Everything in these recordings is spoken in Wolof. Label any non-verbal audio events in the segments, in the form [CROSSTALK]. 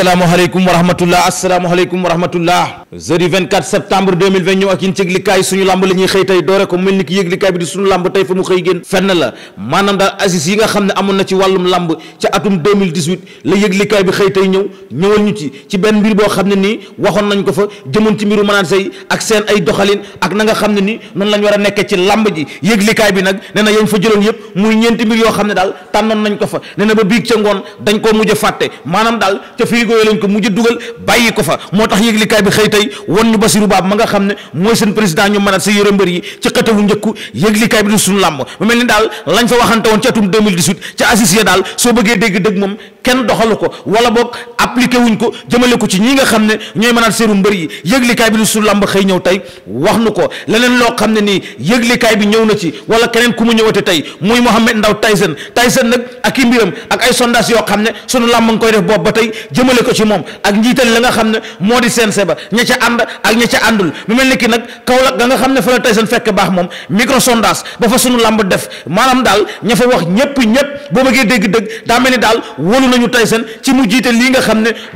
asalaamaaleykum wa rahmatullah asalaamaaleykum wa rahmatullah jeudi 24 septembre 2020 ñëw ak yéen ci yëglikaay suñu lamb la xëy tey doore ko mel ni ki yëglikaay bi di suñu lamb tey fa mu xëy génn fenn la maanaam daal assises yi nga xam ne amoon na ci wàllum lamb ci atum 2018 la yëglikaay bi xëy tey ñëw ñëwal ñu ci ci benn mbir boo xam ne nii waxoon nañ ko fa jëmoon ci mbiru manaat say ak seen ay doxalin ak na nga xam ne ni noonu la ñu war a nekkee ci lamb ji yëglikaay bi nag nee na yañ fa jëloon yëpp muy ñeenti mbir yoo xam ne daal tànnoon nañ ko fa nee na ba biig ca ngoon dañ koo jéegooyo lañ ko mujj dugal bàyyi ko fa moo tax yëglikaay bi xëy tey wan Basiru Baab ma nga xam ne mooy seen président ñu manaat sa yëre mbër yi ci xëtawu njëkku yëglikaay bi di suñu làmb xam ne ñooy manaat seeru mbër bi di suñu xëy ñëw tey wax nu ko leneen loo xam ne nii yëglikaay bi ñëw na ci wala keneen ku mu ñëwate tey muy Mohamed Ndaw Tyson Tyson nag ak i mbiram ak ay sondage yoo xam ne sunu làmb nga koy def boobu ba tey jëmale jëmale ko ci moom ak njiital la nga xam ne moo di seen seba ña ca ànd ak ña ca àndul mu mel ni ki nag Kaolack ga nga xam ne fa la tey fekk baax moom micro ba fa sunu làmb def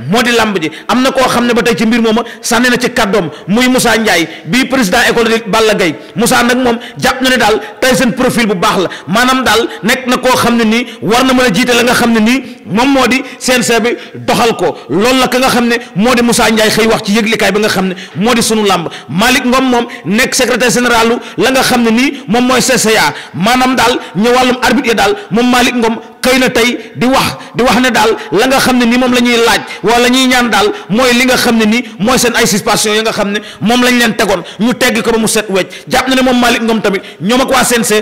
moo di làmb ji am na koo xam ne ba ci mbir mooma sànni na ci kàddoom muy Moussa Ndiaye bii président école de Balla Gaye Moussa nag moom jàpp na ne daal la maanaam daal nekk na koo xam ne nii war na mën a jiite la nga xam ne nii moom moo di CNG bi doxal ko loolu la ka nga xam ne moo di Moussa Ndiaye xëy wax ci yëglikaay bi nga xam ne moo di suñu làmb maalik Ngom moom nekk secretaire général la nga xam ne nii moom mooy CCA maanaam daal ñu wàllum arbitre ya daal moom maalik Ngom xëy na tey di wax di wax ne daal la nga xam ne nii moom la ñuy laaj wala ñuy ñaan daal mooy li nga xam ne nii mooy seen ay suspension yi nga xam ne moom lañ leen tegoon ñu teggi ko ba mu set wecc jàpp na ne moom Malick Ngom tamit ñoom ak waa CNG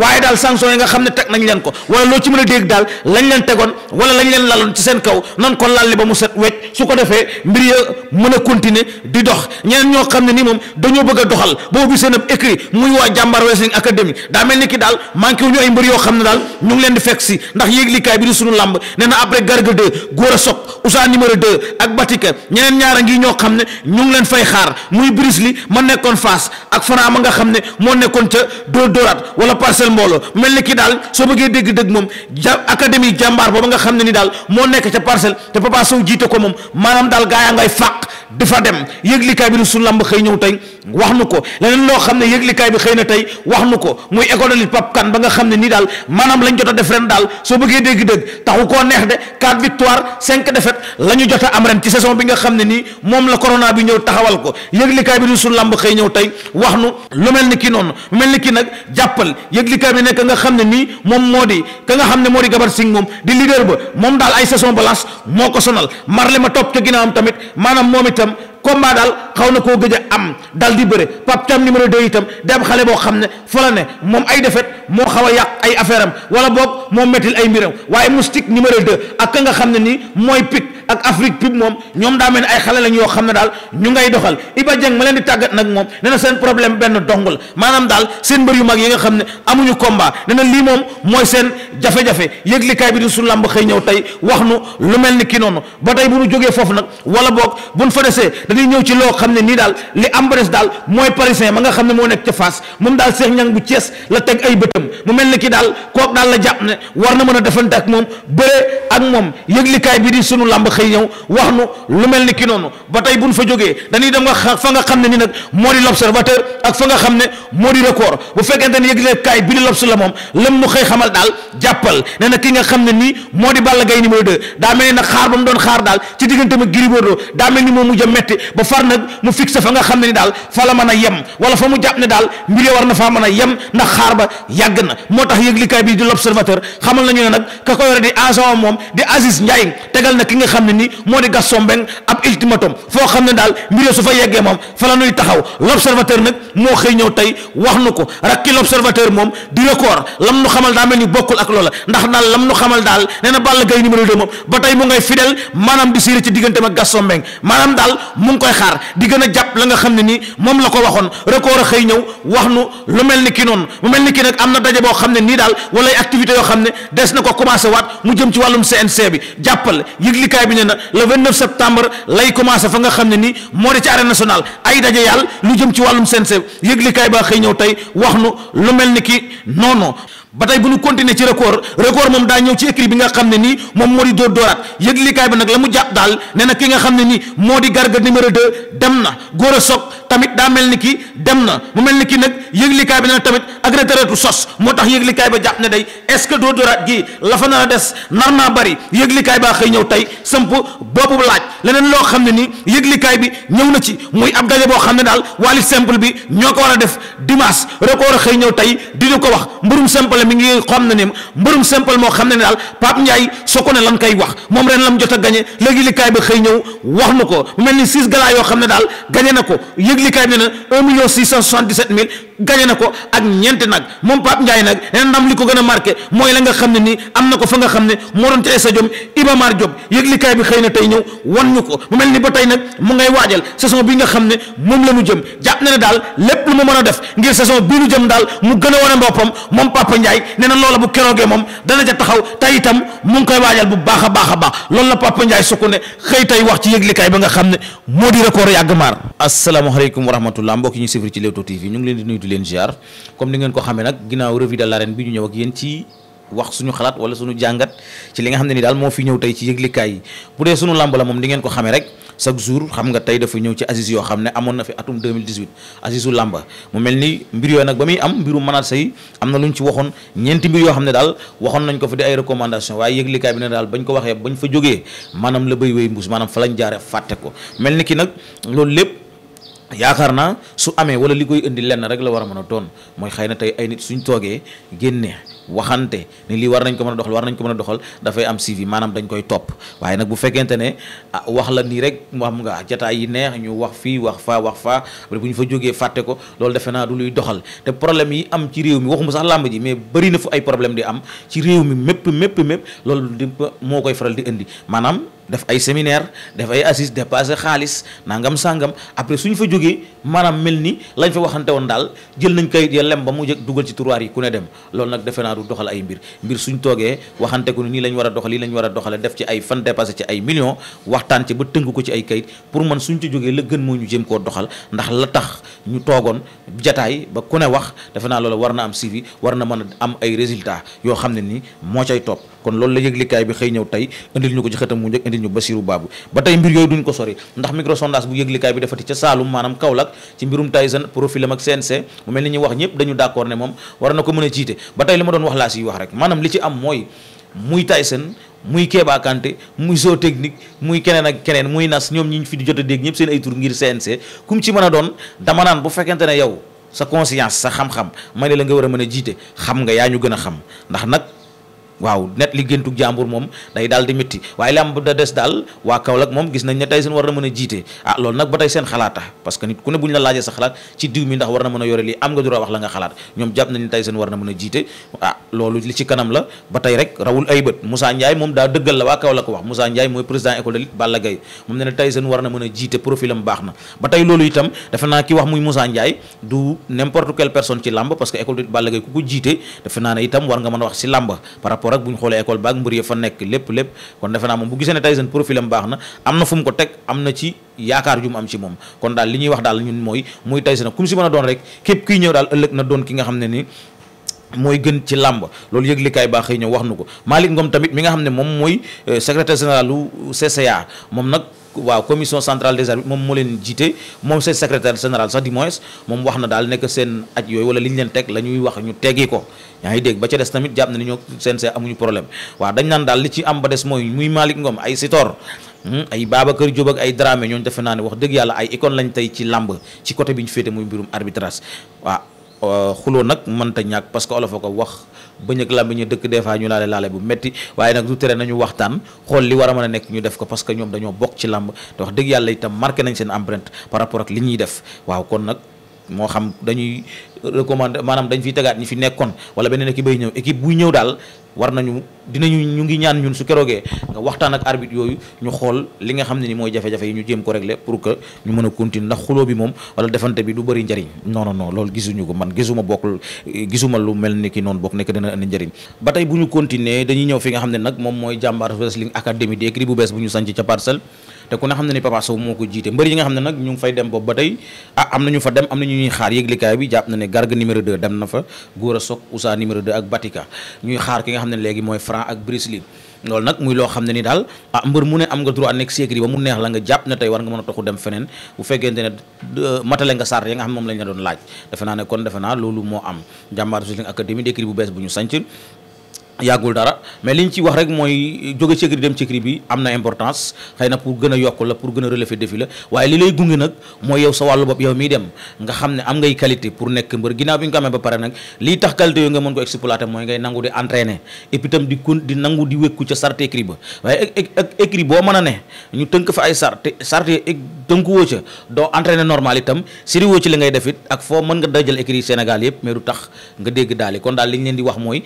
waaye daal sanction yi nga xam ne teg nañ leen ko wala loo ci daal lañ leen tegoon lañ leen laloon ci seen kaw nan ko lalli ba mu set wecc ko defee mbir ya di dox ñeneen ñoo xam ne ni moom dañoo bëgg a doxal boobu seen ab écrit muy waa jàmbaar Wrestling Academy daa mel ni ki daal manqué wu ñu ay mbir yoo xam ne daal Sénégal ñu ngi leen di fekk si ndax yéeglikaay bi di sunu làmb nee a sok ousa ne ñu ngi leen fay xaar muy Bruce Lee ma nekkoon Fass ak Franc ma nga xam ne moo nekkoon ca Dóor ja académie jàmbaar nga xam ne ni daal moo nekk ca Parcelles te Papa Sow jiite ko moom maanaam daal gaa yaa ngay fàq yëglikaay bi ni sunu làmb xëy ñëw tey wax nu ko leneen loo xam ne yëglikaay bi xëy na tey wax nu ko muy école de Pape ba nga xam ne ni daal maanaam lañ jot a def ren daal soo bëggee dégg-dégg taxu koo neex de quatre victoire cinq défaites la ñu jot a am ren ci saison bi nga xam ne nii moom la corona bi ñëw taxawal ko yëglikaay bi nekk nga xam ne nii moom moo di ka nga xam ne moo di Gabar Singh moom di leader ba moom daal ay saison balance moo ko sonal marle ma topp ca ginnaawam tamit maanaam moom itam combat daal xaw na koo gëj a am dal di bëre Pape Thiam numéro 2 itam di ab xale boo xam ne fa la ne moom ay defet moo xaw a yàq ay affaire am wala moo mettil ay mbiram waaye moustique numéro 2 ak ka nga xam ne nii mooy pic ak Afrique pub moom ñoom daa mel ni ay xale lañ yoo xam ne daal ñu ngay doxal Iba Dieng ma leen di tàggat nag moom nee na seen problème benn dong la maanaam daal seen mbër yu mag yi nga xam ne amuñu combat nee na lii moom mooy seen jafe-jafe yëglikaay bi di suñu làmb xëy ñëw tey wax nu lu mel ni ki noonu ba tey bu ñu jógee foofu nag wala boog bu ñu fa desee dañuy ñëw ci loo xam ne nii daal li am ba des daal mooy parisien ma nga xam ne moo nekk ca Fass moom daal Cheikh bu Thiès la teg ay bëtam mu mel ni ki daal kook daal jàpp ne war na mën a defante ak moom bëre ak moom yëglikaay bi di sunu làmb xëy yow wax nu lu mel ni ki noonu ba tey buñ fa jógee dañuy dem nga fa nga xam ne ni nag moo di l'observateur ak fa nga xam ne moo di record bu fekkente ne yëgle kaay bi di lobs la moom lam nu xëy xamal daal jàppal nee na ki nga xam ne nii moo di Balla Gaye numéro 2 daa mel ni nag xaar doon xaar daal ci diggante ma Gris Bordeaux ni moo mujj a ba far nag mu nga xam ne ni daal fa la mën a wala fa mu jàpp ne daal mbir war na faa mën a yem ndax xaar ba yàgg na moo tax yëglikaay bi di l'observateur xamal nañu ne nag ka ko yore di agent moom di Aziz Ndiaye tegal na ki nga xam ne ni moo di Gaston Mbengue ab ultimatum foo xam ne daal mbir su fa yeggee moom fa la nuy taxaw l' nag moo xëy ñëw tey wax nu ko rakki l' observateur moom di record lam nu xamal daa mel ni bokkul ak loola ndax daal daal nee na ba tey mu ngay fidèle maanaam di séeré ci digganteem ak Gaston Mbengue maanaam daal mu ngi koy xaar di gën a jàpp la nga xam ne nii moom la ko waxoon record a xëy ñëw wax nu lu mel ni ki noonu mu mel ni ki nag am na daje boo xam ne nii daal wala ay activités yoo xam ne des na ko commencé waat mu jëm ci wàllum CNC bi jàppal yëglikaay bi gagné na le 29 septembre lay commencé fa nga xam ne ni moo di ci arène nationale ay daje yàlla lu jëm ci wàllum CNG yëglikaay baa xëy ñëw tey wax nu lu mel ni ki non non ba tey bu ñu continuer ci record record moom daa ñëw ci écrit bi nga xam ne nii moom moo di dóor dóoraat yëglikaay bi nag la mu jàpp daal nee na ki nga xam ne nii moo di garga numéro 2 dem na góor a soog tamit daa mel ni ki dem na mu mel ni ki nag yëglikaay bi nee na tamit ak retraite sos moo tax yëglikaay bi jàpp ne day est ce que dóor dóoraat gii la fa nar a des nar naa bari yëglikaay baa xëy ñëw tey samp boobu laaj leneen loo xam ne nii yëglikaay bi ñëw na ci muy ab daje boo xam ne daal wàllu simple bi ñoo ko war a def dimanche record xëy ñëw tey di ko wax mburum wala mi ngi xam ne ne mbërum simple moo xam ne ne daal Pape Ndiaye soo ko ne lan koy wax moom ren lam jot a gañe léegi li ba xëy ñëw wax na ko mu mel na ko yëg li kaay ne na un na ko ak ñeenti a marqué nii am na ko fa nga bi na tey ñëw wan nag mu ngay waajal saison bi nga xam ne moom la mu jëm jàpp na ne daal lépp mu mën a def ngir saison bii nu jëm daal mu gën a wane boppam moom Papa Ndiaye loola bu keroogee moom dana ca taxaw tey itam mu ngi koy waajal bu baax a baax a baax loolu la Papa Ndiaye sukku ne xëy tey wax ci yëglikaay ba nga xam ne moo di record yàgg maar asalaamaaleykum wa rahmatullah mbokk ñu sifri ci Leewtoo TV ñu ngi leen di nuyu di leen ziar comme ni ngeen ko xamee nag ginnaaw revue de l'arène bi ñu ñëw ak yéen ci wax suñu xalaat wala suñu jàngat ci li nga xam ne ni daal moo fi ñëw tey ci yëglikaay yi bu dee suñu làmb ko xamee rek chaque jour xam nga tey dafa ñëw ci Aziz yoo xam ne amoon na fi atum 2018 Azizu Lamba mu mel ni mbir yooyu nag ba muy am mbiru manaat say am na lu ñu ci waxoon ñeenti mbir yoo xam ne daal waxoon nañ ko fi di ay recommandation waaye yëglikaay bi ne daal bañ ko waxee bañ fa jógee maanaam la bay wéy mbuus maanaam fa lañ jaare fàtte ko mel ni ki nag loolu lépp yaakaar naa su amee wala li koy indi lenn rek la war a mën a doon mooy xëy na tey ay nit suñ toogee génnee waxante ni lii war nañ ko mën a doxal war nañ ko mën a doxal dafay am suivi maanaam dañ koy topp waaye nag bu fekkente ne ah, wax la nii rek xam nga jataay yi neex ñu wax fii wax faa wax faa bu ñu fa jógee fàtte ko loolu defe naa du luy doxal te problème yi am ci réew mi waxuma sax làmb ji mais bëri na fu ay problème di am ci réew mi mépp mépp mépp loolu di moo koy faral di indi maanaam def ay séminaire def ay assises dépassé xaalis nangam sàngam après su ñu fa jógee maanaam mel ni lañ fa waxante woon daal jël nañ kayit ya lem ba mu jëkk dugal ci tiroir yi ku ne dem loolu nag defe naa du doxal ay mbir mbir suñ toogee waxante ko nii lañ war a doxal yi lañ war a doxale def ci ay fan dépassé ci ay million waxtaan ci ba tënk ko ci ay kayit pour man suñ ci jógee la gën moo ñu jëm koo doxal ndax la tax ñu toogoon jataay ba ku ne wax defe naa loolu war na am suivi war na mën a am ay résultats yoo xam ne ni moo cay topp kon loolu la yëglikaay bi xëy ñëw tey indil ñu ko ci xëtam mu njëkk indil ñu Basiru Baabu ba tey mbir yooyu duñ ko sori ndax microsondage bu yëglikaay bi defati ca Saalum maanaam Kaolack ci mbirum Tyson profilam ak CNC mu mel ni ñuy wax ñëpp dañu d'accord ne moom war na ko mën a jiite ba tey li ma doon wax laa siy wax rek maanaam li ci am mooy muy Tyson muy Kéba muy zoo technique muy keneen ak keneen muy nas ñoom ñi ñu fi di jot a dégg ñëpp seen ay tur ngir CNC kum a doon dama naan bu fekkente ne yow sa conscience sa xam-xam ne la nga war a mën a jiite xam nga yaa ñu gën a xam waaw net li géntug jàmbur moom day daal di métti waaye li am da des daal waa Kaolack moom gis nañ ne tey seen war na mën a jiite ah loolu a yore lii am a jiite ah li ci kanam la ba tey rek rawul ay bët Moussa Ndiaye moom daa dëggal la waa Kaolack wax Moussa Ndiaye mooy président école de lutte Balla Gaye moom ne ne tey seen war na mën a jiite profil baax na ba tey loolu itam defe naa ki wax muy Moussa Ndiaye du n'importe quelle personne ci làmb parce que école de lutte ku ko jiite defe naa a ko rek bu ñu xoolee école baag mbër ya fa nekk lépp lépp kon defe naa moom bu gisee ne Tyson profil baax na am na fu ko teg am na ci yaakaar ju am ci moom kon daal li ñuy wax daal ñun mooy muy Tyson ku mu si mën a doon rek képp kiy na doon ki ne ni mooy gën ci làmb loolu yëglikaay baa xëy ñëw wax nu ko Malick Ngom tamit mi nga xam euh, moom moo leen jiite moom seen secrétaire général sax du moins moom wax na daal nekk seen aj yooyu wala li ñu leen teg la wax ñu teggi ko yaa ngi dégg ba ca des tamit jàpp na ni ñoo seen see amuñu problème waaw dañ naan daal li ci am ba des mooy muy Malick Ngom ay Sitor hmm, ay Babacar Diop ak ay Dramé ñooñu defe naa ne wax dëgg yàlla ay icône lañ tey ci làmb ci côté bi ñu féete muy mbirum arbitrage waaw euh, xuloo nag mënta ñàkk parce que olof a ko wax bañ ak ñu dëkk des fois ñu laale laale bu metti waaye nag du tere nañu waxtaan xool li war a mën a nekk ñu def ko parce que ñoom dañoo bokk ci làmb te wax dëgg yàlla itam marqué nañ seen empreinte par rapport ak li ñuy def waaw kon nag moo xam dañuy recommander maanaam dañ fiy tegaat ñi fi nekkoon wala beneen équipe bay ñëw équipe buy ñëw daal war nañu dinañu ñu ngi ñaan ñun su keroogee nga waxtaan ak arbitre yooyu ñu xool li nga xam ne ni mooy jafe yi ñu jéem ko régler pour que ñu mën a continuer ndax xuloo bi moom wala defante bi du bëri njëriñ non non non loolu gisuñu man gisuma bokk gisuma lu mel ni ki noonu bokk nekk dina indi njëriñ ba tey bu ñu continuer dañuy ñëw fi nga xam ne nag moom mooy jàmbaar wrestling académie di écrit bu bees bu ñu sanc ca parcelle te ku ne xam ne ni Papa Sow moo ko jiite mbër yi nga xam ne nag ñu ngi fay dem boobu ba tey ah am na ñu fa dem am na ñu ñuy xaar yëglikaay bi jàpp na ne Garga numéro 2 dem na fa Gora Sock Ousa numéro 2 ak Batika ñuy xaar ki nga xam ne léegi mooy Franc ak Brice Lee nag muy loo xam ne ni daal a ah, mbër mu ne am nga droit nekk sécurité ba mu neex la nga jàpp ne tey war nga mën a toxu dem feneen bu fekkente ne matale nga sart ya nga xam moom lañ la doon laaj defe ne kon defe loolu moo am jàmbaar Wrestling bu bees bu ñu sanc yàggul dara mais li ñu ci wax rek mooy jóge ci écurie dem ci écurie bi am na importance xëy na pour gën a yokk la pour gën a relever défi la waaye li lay gunge nag mooy yow sa wàllu bopp yow miy dem nga xam ne am ngay qualité pour nekk mbër ginnaaw bi nga ko amee ba pare nag lii tax qualité yooyu nga mën ko exploiter mooy ngay nangu di entraîner et puis tam di kon di nangu di wékku ca sarte écurie ba waaye écurie boo mën a ne ñu tënk fa ay sarte sarte tënku woo ca doo entraîner normal itam siri woo ci li ngay def it ak foo mën nga dajal écurie Sénégal yëpp mais tax nga dégg daal kon daal li leen di wax mooy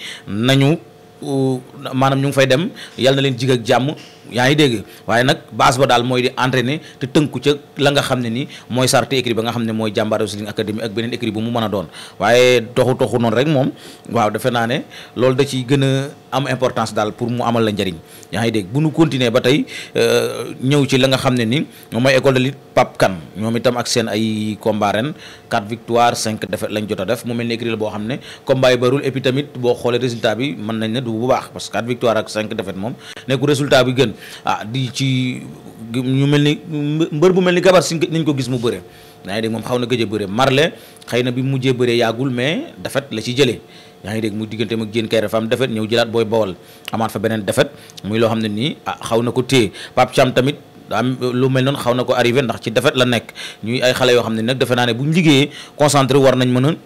maanaam ñu fay dem yàlla na leen jig jàmm yaa ngi dégg waaye nag base ba daal mooy di entraîner te tënku ca la nga xam ne ni mooy sarte écrit ba nga xam ne mooy jàmbaar wrestling académie ak beneen écrit bu mu mën a doon waaye toxu tooxu noonu rek moom waaw defe naa ne loolu da ciy gën a am importance daal pour mu amal la njariñ yaa ngi dégg bu nu continuer ba tey euh, ñëw ci la nga xam ne ni moom mooy école de lutte Pape Kane ñoom itam ak seen ay combat ren 4 victoire 5 défaite lañ jot a def mu mel ni écrit boo xam ne combat yi barul tamit boo xoolee résultat bi mën nañ ne du bu baax parce que 4 victoire ak 5 défaite moom lañ ah di ci ñu mel ni mbër bu mel ni gabar si nañ ko gis mu bëre yaa dégg moom xaw na gëj a bëre marle xëy na bi mu mujjee bëre yaagul mais dafet la ci jëlee yaa ngi dégg mu diggante mag jéen kay dafa am defet ñëw jëlaat booy bawal amaat fa beneen defet muy loo xam ne nii ah xaw na ko téye Pape Thiam tamit am lu mel noonu xaw na ko arrivé ndax ci defet la nekk ñuy ay xale yoo xam ne nag defe naa ne buñ liggéeyee concentré war nañ mën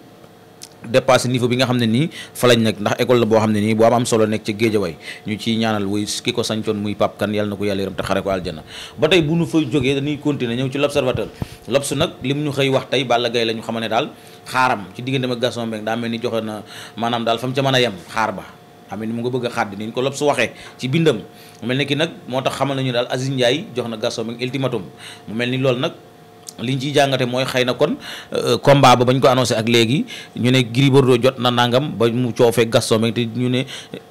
dépassé niveau bi nga xam ne nii fa lañ nekk ndax école la boo xam ne nii boo am am solo nekk ca Géejawaay ñu ciy ñaanal wuy ki ko sañcoon muy Pape Kane yàlla na ko yàlla yërëm te xare ko ba tey bu ci la ñu xamane daal xaaram ci diggante ak Gaston Mbengue daa mel ni joxe na maanaam daal fa mu ca mën a xaar ba xam ni mu nga bëgg a xàddi ni ko l'obs waxee ci bindam mu mel ni ki nag moo tax xamal nañu daal Aziz Ndiaye jox na Gaston Mbengue ultimatum mu mel ni loolu nag li ñu ciy jàngate mooy xay na kon euh, combat ba bañ ko annoncé ak léegi ñu ne Gris Bordeaux jot na nangam ba mu coofee Gaston Mbengue te ñu ne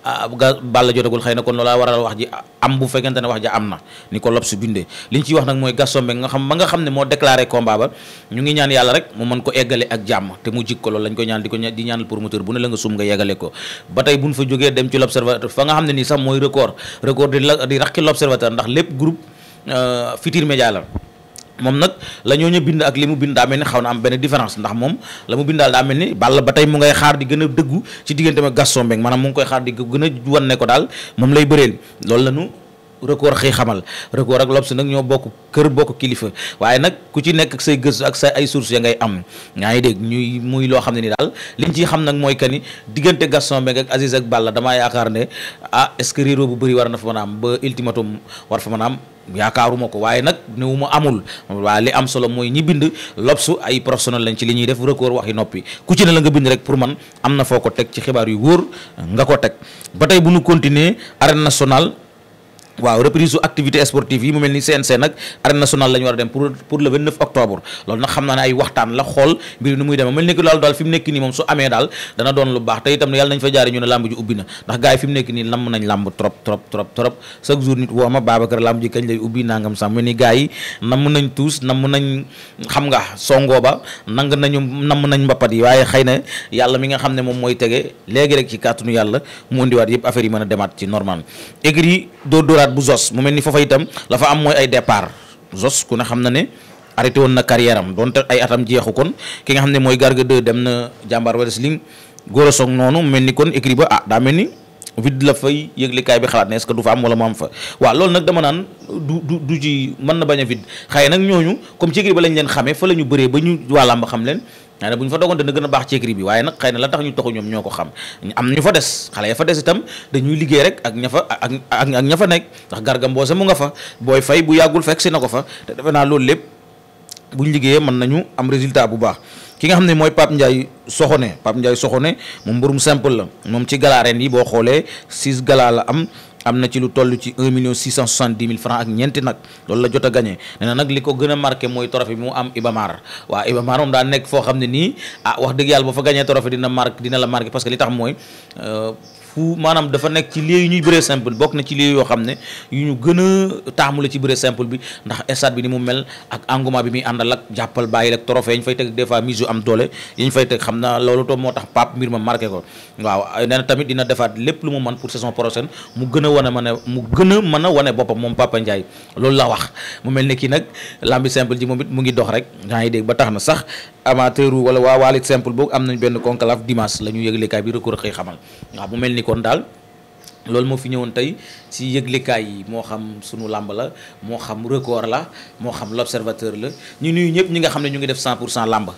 ah, Balla jotagul xëy na kon loolaa waral wax ji am bu fekkente ne wax ji am na ni ko L'Obs bindee li ñu ciy wax nag mooy Gaston nga xam ma nga xam ne moo déclaré combat ba ñu ngi ñaan yàlla rek mu mën ko eggale ak jàmm te mu jik ko loolu lañ ko ñaan di ko di ñaanal promoteur bu ne la nga sum nga yeggale ko ba tey buñ fa jógee dem ci L'Observateur fa nga xam ne nii sax mooy record record di di raqi L'Observateur ndax lépp groupe euh, Futurs la moom nag la ñoo ñu bind ak li mu bind daa mel ni xaw na am benn différence ndax moom la mu bind daal daa mel ni Balla ba tey mu ngay xaar di gën a dëggu ci diggante ma Gaston Mbengue maanaam mu ngi koy xaar di gën a wan ne ko daal moom lay bëreel loolu la ñu record xëy xamal record ak L'Obs nag ñoo bokk kër bokk kilifa waaye nag ku ci nekk say gëstu ak say ay sources ya ngay am yaa ngi dégg ñuy muy loo xam ne ni daal liñ ciy xam nag mooy que diggante Gaston Mbengue ak Aziz ak Balla damaa yaakaar ne ah est-ce bu bëri war na fa mën am ba ultimatum war fa mën a am yaakaaruma ko waaye nag newu ma amul waa li am solo mooy ñi bind L'Obs ay professionnel lañ ci li ñuy def record wax yi noppi ku ci ne la nga bind rek ko teg ci xibaar ko teg ba waaw reprise su activité sportive yi mu mel ni CNC nag arène nationale la ñu war a dem pour pour le 29 octobre loolu nag xam naa ne ay waxtaan la xool mbir nu muy demee mel ni na lay ubbi nangam sax mel ni gars yi namm nañ tuus namm nañ xam nga songoo ba nang nañu namm nañ mbappat yi waaye xëy na yàlla mi nga xam ne moom mooy tege léegi rek ci kàttanu yàlla mu indiwaat yëpp affaire yi mën a demaat ci normal stade bu Zos mu mel ni foofa itam la fa am mooy ay départ Zos ku ne xam na ne arrêté woon na carrière am donte ay atam jeexu kon ki nga xam ne mooy Garga 2 dem na jàmbaar Wrestling góor a soog noonu mu mel ni kon écrit ba ah daa mel ni vide la fay yëglikaay bi xalaat ne est-ce que du fa am wala mu am fa waaw loolu nag dama naan du du du ci mën na bañ a vide xëy nag ñooñu comme ci écrit lañ leen xamee fa la ñu ba ñu waa làmb xam leen. nee na bu ñu fa dogoon dana gën a baax ci écrit bi waaye nag xëy na la tax ñu toxu ñoom ñoo ko xam am ñu fa des xale ya fa des itam dañuy liggéey rek ak ña fa ak ak ña fa nekk ndax garga mboose mu nga fa booy fay bu yàggul fekk si na ko fa te defe naa loolu lépp bu ñu liggéeyee mën nañu am résultat bu baax ki nga xam ne mooy Pape Ndiaye Soxone Pape Ndiaye ne moom mburum simple la moom ci gala ren yi boo xoolee six gala la am am na ci lu toll ci 1 million 670 mille francs ak ñeenti nag loolu la jot a gagné nee nag li ko gën a marqué mooy trophée bi mu am Ibamar waaw Ibamar moom daa nekk foo xam ne nii ah wax dëgg yàlla boo fa gagné trophée dina marqué dina la marqué parce li tax mooy euh, fu maanaam dafa nekk ci lieu yu ñuy bëree simple bokk na ci lieu yoo xam ne yu ñu gën a ci bëree simple bi ndax stade bi ni mu mel ak engouement bi muy àndal ak jàppal bàyyi ak trophée yi ñu fay teg des fois mise yu am doole yi ñu fay teg xam na loolu ma marqué ko waaw nee na tamit dina defaat lépp lu mu man pour saison prochaine mu gën a wane mën a mu gën a mën wane boppam moom Papa loolu la wax mu mel ne kii nag lambi simple ji mu ngi dox rek yaa ngi dégg ba tax na sax amateur wala waa waalit simple boobu am nañ benn conclave dimanche la ñu yëglekaay bi record xëy xamal waaw mu mel ni kon daal loolu moo fi ñëwoon tey ci yëglekaay yi moo xam sunu làmb la moo xam record la moo xam l'observateur la ñu nuyu ñëpp ñi nga xam ne ñu ngi def 100 pour cent làmb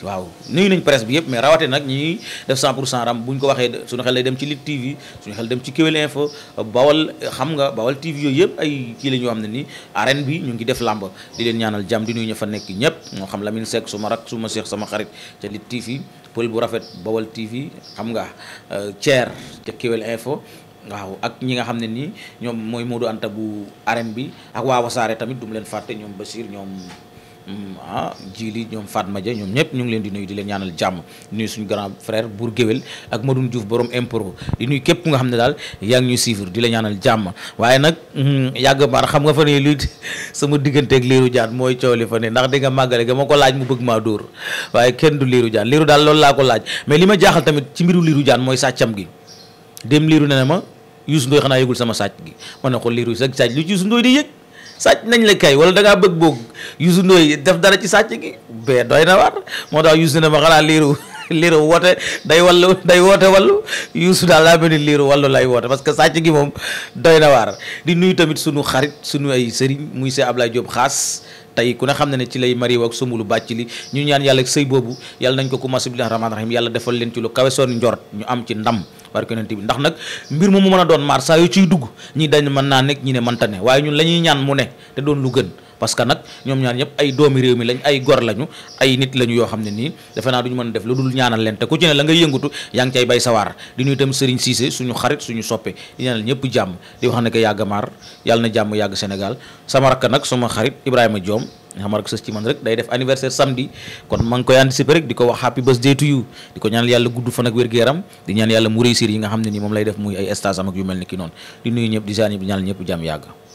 waaw nuyu nañ presse bi yëpp mais rawate nag ñi def 100 pour cent ram bu ñu ko waxee suñu xel lay dem ci Lutte TV suñu xel dem ci Kewel Info bawal xam nga bawal TV yooyu yëpp ay kii la ñoo xam ne ni arène bi ñu ngi def làmb di leen ñaanal jàmm di nuyu ña nekk ñëpp moo xam Lamine Seck su ma rak su ma seex sama xarit ca Lutte TV pël bu rafet bawal TV xam nga euh, Thier ca Kewel Info waaw ak ñi nga xam ne nii ñoom mooy Modou Anta bu arène bi ak waa Wasaare tamit du mu leen fàtte ñoom Basir ñoom Mm-hmm. ah lii ñoom faat Fatma Dia ñoom ñëpp ñu ngi leen di nuyu di leen ñaanal jàmm nuyu suñu grand frère Bour Guéwél ak Madoum Diouf borom impro di nuyu képp nga xam ne daal yaa ngi ñu suivre di la ñaanal jàmm waaye nag mm-hmm, yàgg maar xam nga fa ne luy [LAUGHS] sama digganteeg Lirou Diane mooy coow li ndax di nga màggale ga ma ko laaj mu bëgg maa dóor waaye kenn du Lirou Diane Lirou daal loolu laa ko laaj mais li ma jaaxal tamit ci mbiru Lirou Diane mooy sàccam gi dem Lirou ne ne ma Youssou Ndoye xanaa yëgul sama sàcc gi ma ne ko Lirou sa sàcc lu ci sàcc nañ la kay wala da ngaa bëgg boog Youssou Ndoye def dara ci sàcc gi bee doy na waar moo tax Youssou ne ma xanaa liiru [LAUGHS] liiru woote day wallu day woote wallu Youssou daal laa mel ni liiru wallu lay woote parce que sàcc gi moom doy na waar di nuyu tamit sunu xarit sunu ay sëriñ muy see Ablaye Diop xaas tey ku ne xam ne ne ci lay mari ak sumbulu bàcc li ñu ñaan yàlla sëy boobu yàlla nañ ko commencé bi rahmaani rahim yàlla defal leen ci lu kawe soon njort ñu am ci ndam barke yonent bi ndax nag mbir mu mu mën a doon maar saa ciy dugg ñi dañ mën naa nekk ñi ne mënta ne waaye ñun la ñuy ñaan mu ne te doon lu gën parce que nag ñoom ñaan ñëpp ay doomi réew mi lañ ay gor lañu ay nit lañu yoo xam ne nii defe naa duñu mën a def lu dul ñaanal leen te ku ci ne la ngay yëngutu yaa ngi bay sawaar di ñu itam Serigne Cissé suñu xarit suñu soppee di ñaanal ñëpp jàmm di wax ne ko yàgg maar yàlla na jàmm yàgg Sénégal sama rakk nag suma xarit Ibrahima Diom nga xamal ko sës ci man rek day def anniversaire samedi kon ma ngi koy anticiper di ko wax happy birthday to you di ko ñaan yàlla gudd fan ak wér-gu-yaram di ñaan yàlla mu réussir yi nga xam ne nii moom lay def muy ay stage am ak yu mel ni ki noonu di nuyu ñëpp di saan ñëpp ñaan ñëpp jàmm yàgg